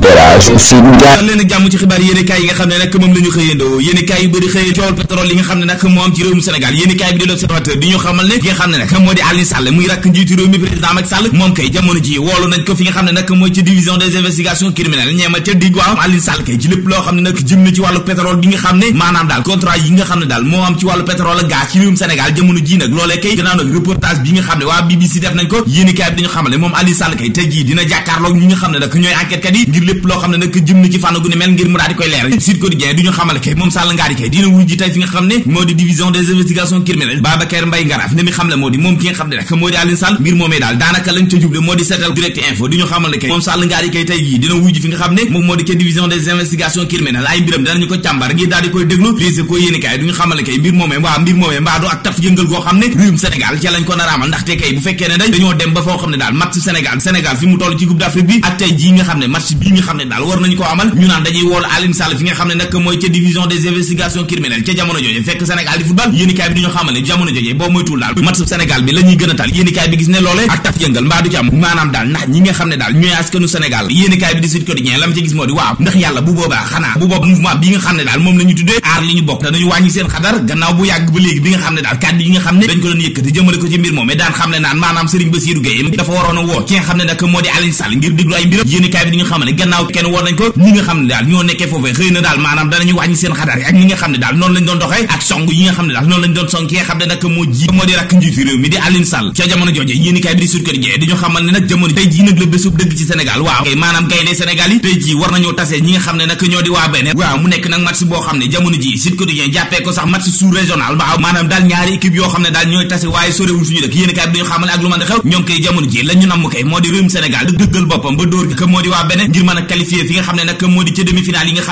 Elhadj Ousseynou Ndiaye dal leen ak jàmm ci xibaar yéenekaay yi bi nga xam ne nag moom kay jamono ji woolu na ci wàllu pétrole bi nga xam ne maanaam daal contrat yi nga xam dañu xamal ne moom Aliou Sall kay tey jii dina jàkkaarloo ñi nga xam ne nag ñooy enquêtekat yi ngir lépp loo xam ne nag jëm na ci fànn gu mel ngir mu daal koy leer Sud ko càmbar ngir daal di kay mbir moomee waa mbir moomee mbaadu ak taf yëngal koo xam ne réewum Sénégal ca lañ ko naraamal ndaxte kay bu fekkee ne dañ dañoo dem ba foo xam ne daal match Sénégal Sénégal fi mu toll ci Coupe d'Afrique bi ak tey jii nga xam ne match bi yi ñu xam ne daal war nañu ko amal ñu naan dañuy woolu Alioune Sall fi nga xam ne nag mooy ca division des investigations criminelles ca jamono jooje fekk Sénégal di football yéenikaay bi di ñu xamal ne jamono jooje boo moytuwul daal match Sénégal bi la ñuy gën a tal yéenikaay bi gis ne loole ak taf yëngal mbaa du ci am maanaam daal ndax ñi nga xam ne daal ñooy askanu Sénégal yéenikaay bi di Sud Quotidien lam ci gis moo di waaw ndax yàlla bu boobaa xanaa bu boob mouvement bi nga xam ne daal moom la ñu tuddee aar li ñu bokk danañu wàññi seen xadar gannaaw bu yàgg ba léegi bi nga xam ne daal kàddu yi nga xam ne dañ ko doon yëkkati jëmale ko ci mbir moom mais daan xam ne naan maanaam Serigne Bassirou Gueye dafa waroon a woo ki nga xam ne nag moo di Alioune Sall ngir déglu ay mbiram yéenikaay bi di ñu xamal ne gannaaw kenn woon nañ ko ñi nga xam ne daal ñoo nekkee foofee na daal maanaam danañu wàññi seen xadaar yi ak ñi nga xam ne daal noonu lañ doon doxee ak song yi nga xam ne daal noonu lañ doon song ki jamono ji Sud Quotidien ko sax match sous régional waaw maanaam daal ñaari équipe yoo xam ne daal ñooy tase waaye sorewul suñu dëkk yéen i bi dañu xamal ak lu mën a xew ñoom kay jamono ji la namm kay moo di réewum Sénégal dëggal boppam ba dóor ka moo di waa beneen ngir a qualifier fi nga xam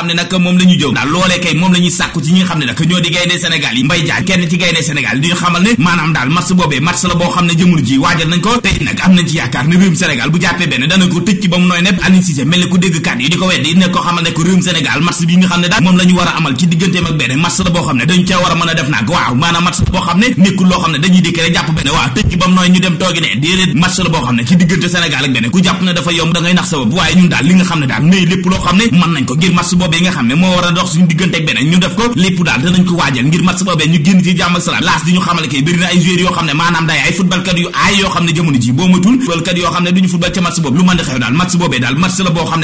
ne nag moom la ñu daal loolee kay moom la sàkku ci ñi xam ne nag ñoo di gaynde Sénégal yi Mbaye Diagne kenn ci dégg kàddu yi di ko weddi ne ko xamal ne ko réewum Sénégal match bi nga xam ne daal moom la war a amal ci digganteem ak benn match la boo xam ne dañuy dikk rek jàpp benn waaw tëj ba mu nooy ñu dem toogi ne déedéet match la boo xam ne ci diggante Sénégal ak benn ku jàpp ne dafa yomb da ngay nax sa bopp nga xam ne daal ndey lépp loo xam ne moo war a dox suñu diggante ak beneen ñu def ko lépp daal danañ ko waajal ngir match boobee ñu génn ci jàmm ak daal match boobee daal match la boo yoo xam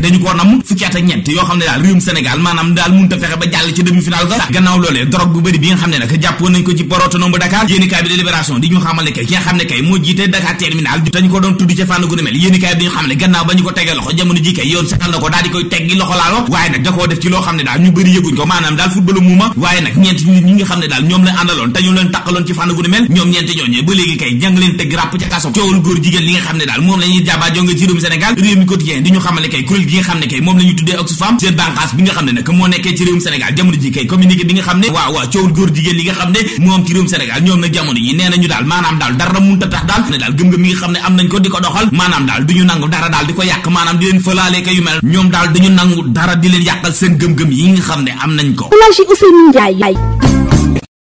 ne daal réewum Sénégal maanaam daal mënut a fexe ba jàll ci demi ga gannaaw loolee drogue bu bëri bi nga xam ne nag jàppoon nañ ko ci porotonom bu Dakar yéeni bi délibération di ñu xamal kay ki xam ne kay moom la tuddee Oxfam seen bànqaas bi nga xam ne nag moo nekkee ci réewum Sénégal jamono ji kay communiqué bi nga xam ne waaw waaw coowal góor jigéen li nga xam ne moom ci réewum Sénégal ñoom nag jamono yi nee nañu daal maanaam daal dara mun mënta tax daal daal gëm-gëm yi nga xam ne am nañ ko di ko doxal maanaam daal du ñu nangu dara daal di ko yàq maanaam di leen fëlaale ka yu mel ñoom daal du ñu nangu dara di leen yàqal seen gëm-gëm yi nga xam ne am nañ ko